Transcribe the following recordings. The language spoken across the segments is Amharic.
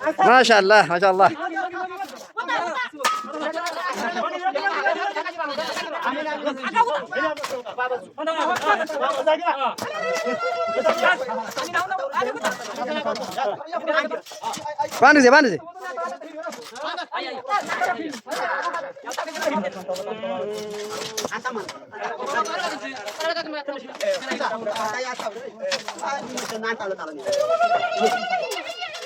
মাশাআল্লাহ মাশাআল্লাহ বানিছে বানিছে না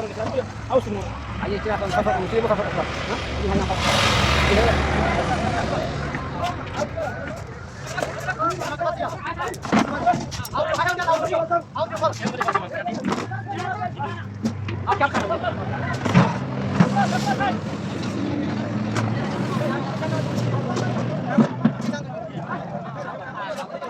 سفر الاسلام او سمو اي اجتهاد سفر مصيبه سفر اكبر Thank you.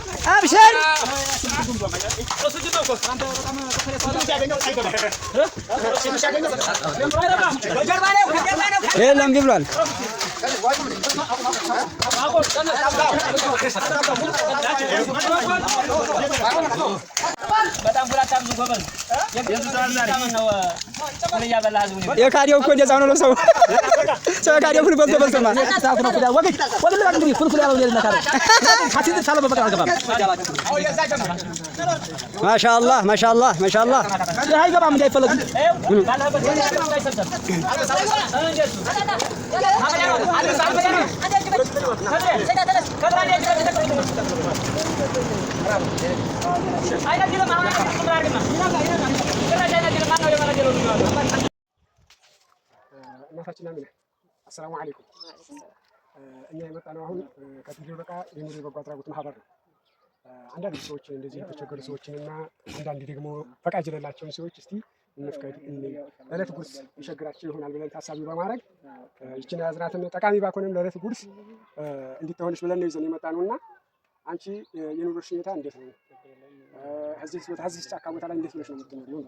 Abşer. Hey lan Gibran. በጣም ጉራታም ጎበዝ የካዲው እኮ እንደዛ ነው። ሰው ሰው የካዲው ሁሉ በልቶ በልቶ ማለት ማሻአላህ ማሻአላህ ማሻአላህ አይገባም እንዳይፈለግ እናታችን አሚና አሰላሙ አለይኩም። እኛ የመጣነው አሁን ከፊልዮ በቃ የኑሪ በጎ አድራጎት ማህበር ነው። አንዳንድ ሰዎች እንደዚህ የተቸገሩ ሰዎችን እና አንዳንድ ደግሞ ፈቃጅ የሌላቸውን ሰዎች እስቲ እንፍቀድ ለዕለት ጉርስ ይቸግራቸው ይሆናል ብለን ታሳቢ በማድረግ ይችን ያዝናትን ጠቃሚ ባኮንም ለዕለት ጉርስ እንዲትሆንሽ ብለን ነው ይዘን የመጣ ነው እና አንቺ የኑሮሽ ሁኔታ እንዴት ነው? እዚህ ጫካ ቦታ ላይ እንዴት ብለሽ ነው የምትኖሪው?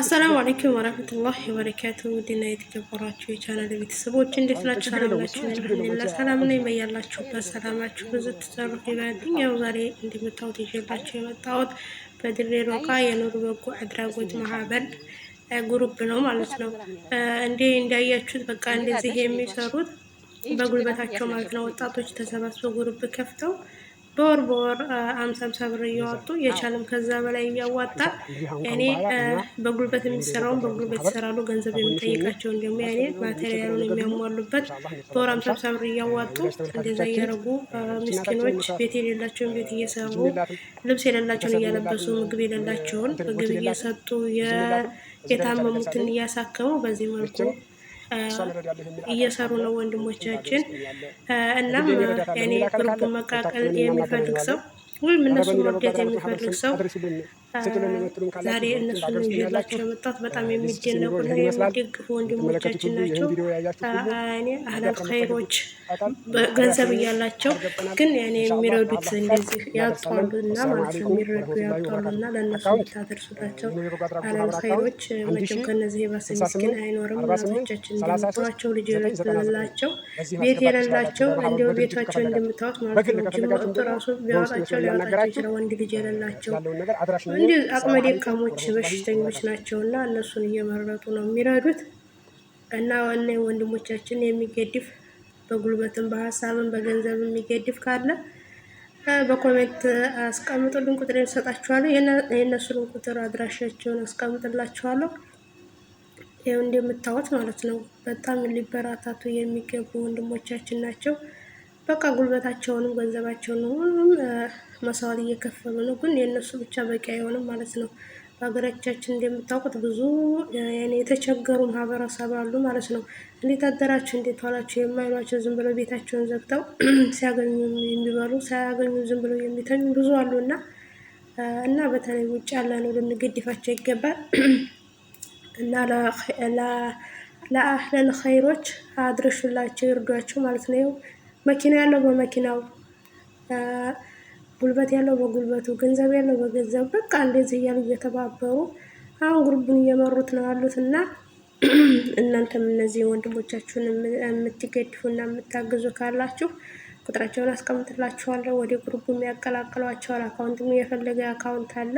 አሰላሙ አለይኩም ወራህመቱላሂ ወበረካቱ። ውድና የተከበራችሁ የቻናል ቤተሰቦች እንዴት ናችሁ? ሰላም ናችሁ? አልሐምዱሊላህ ሰላም ነኝ። በያላችሁበት ሰላማችሁ ብዙ ተጠሩፍ ይበልኝ። ያው ዛሬ እንደምታዩት ይዤላችሁ የመጣሁት በድሬ ሮቃ የኑር በጎ አድራጎት ማህበር ግሩፕ ነው ማለት ነው። እንዴ እንዳያችሁት በቃ እንደዚህ የሚሰሩት በጉልበታቸው ማለት ነው። ወጣቶች ተሰባስበው ጉርብ ከፍተው በወር በወር አምሳ አምሳ ብር እያወጡ የቻለም ከዛ በላይ እያዋጣ ያኔ በጉልበት የሚሰራውን በጉልበት ይሰራሉ። ገንዘብ የሚጠይቃቸውን ደግሞ ያኔ ማቴሪያሉን የሚያሟሉበት በወር አምሳ አምሳ ብር እያዋጡ እንደዛ እያደረጉ ምስኪኖች ቤት የሌላቸውን ቤት እየሰሩ ልብስ የሌላቸውን እያለበሱ ምግብ የሌላቸውን ምግብ እየሰጡ የታመሙትን እያሳከሙ በዚህ መልኩ እየሰሩ ነው ወንድሞቻችን። እናም እኔ ግሩቡን መቃቀል የሚፈልግ ሰው ወይም እነሱ መርዳት የሚፈልግ ሰው ዛሬ እነሱን ይዤላቸው የመጣሁት በጣም የሚደነቁና የሚደግፉ ወንድሞቻችን ናቸው። እኔ አህላል ኸይሮች ገንዘብ እያላቸው ግን እኔ የሚረዱት እንደዚህ እና ማለት ነው የሚረዱ እና ለእነሱ ታደርሱላቸው። አህላል ኸይሮች መቼም ከነዚህ የባሰ ምስኪን አይኖርም። እናቶቻችን እንደምትዋቸው ልጅ ላቸው ቤት የሌላቸው እንዲሁ ቤታቸው እንደምታወት ማለት ነው። ጅ ወጡ ራሱ ቢያወጣቸው ሊያወጣቸው ይችላል። ወንድ ልጅ የሌላቸው እንዲህ አቅመ ደካሞች በሽተኞች ናቸው እና እነሱን እየመረጡ ነው የሚረዱት እና ዋና ወንድሞቻችን የሚገድፍ በጉልበትም በሀሳብም በገንዘብ የሚገድፍ ካለ በኮሜንት አስቀምጡልን፣ ቁጥር ሰጣችኋለሁ። የእነሱንም ቁጥር አድራሻቸውን አስቀምጥላችኋለሁ። ይኸው እንደምታዩት ማለት ነው። በጣም ሊበራታቱ የሚገቡ ወንድሞቻችን ናቸው። በቃ ጉልበታቸውንም ገንዘባቸውን ሁሉም መሰዋል እየከፈሉ ነው። ግን የእነሱ ብቻ በቂ አይሆንም ማለት ነው። በሀገራቻችን እንደምታውቁት ብዙ የተቸገሩ ማህበረሰብ አሉ ማለት ነው። እንዴት አደራችሁ፣ እንዴት ዋላችሁ የማይሏቸው ዝም ብለው ቤታቸውን ዘግተው ሲያገኙ የሚበሉ ሳያገኙ ዝም ብለው የሚተኙ ብዙ አሉ እና እና በተለይ ውጭ ያለ ነው ልንገድፋቸው ይገባል እና ለአህለል ኸይሮች አድርሹላቸው፣ ይርዷቸው ማለት ነው። መኪና ያለው በመኪናው ጉልበት ያለው በጉልበቱ፣ ገንዘብ ያለው በገንዘብ፣ በቃ እንደዚህ እያሉ እየተባበሩ አሁን ጉርቡን እየመሩት ነው ያሉት እና እናንተም እነዚህ ወንድሞቻችሁን የምትገድፉ እና የምታግዙ ካላችሁ ቁጥራቸውን አስቀምጥላችኋለሁ። ወደ ግሩቡ የሚያቀላቅሏቸዋል። አካውንትም የፈለገ አካውንት አለ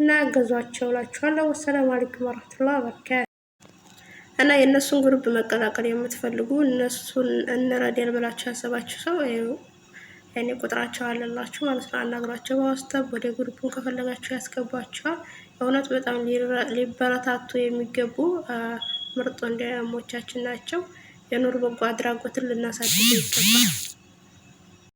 እና ያገዟቸው ላችኋለሁ። ወሰላም አለይኩም ወረህመቱላሂ ወበረካቱህ። እና የእነሱን ግሩብ መቀላቀል የምትፈልጉ እነሱን እንረዳል ብላችሁ ያሰባችሁ ሰው እኔ ቁጥራቸው አለላችሁ ማለት ነው። አናግሯቸው በዋስታብ ወደ ግሩፑን ከፈለጋችሁ ያስገባችኋል። እውነት በጣም ሊበረታቱ የሚገቡ ምርጥ ወንድሞቻችን ናቸው። የኑር በጎ አድራጎትን ልናሳድግ ይገባል።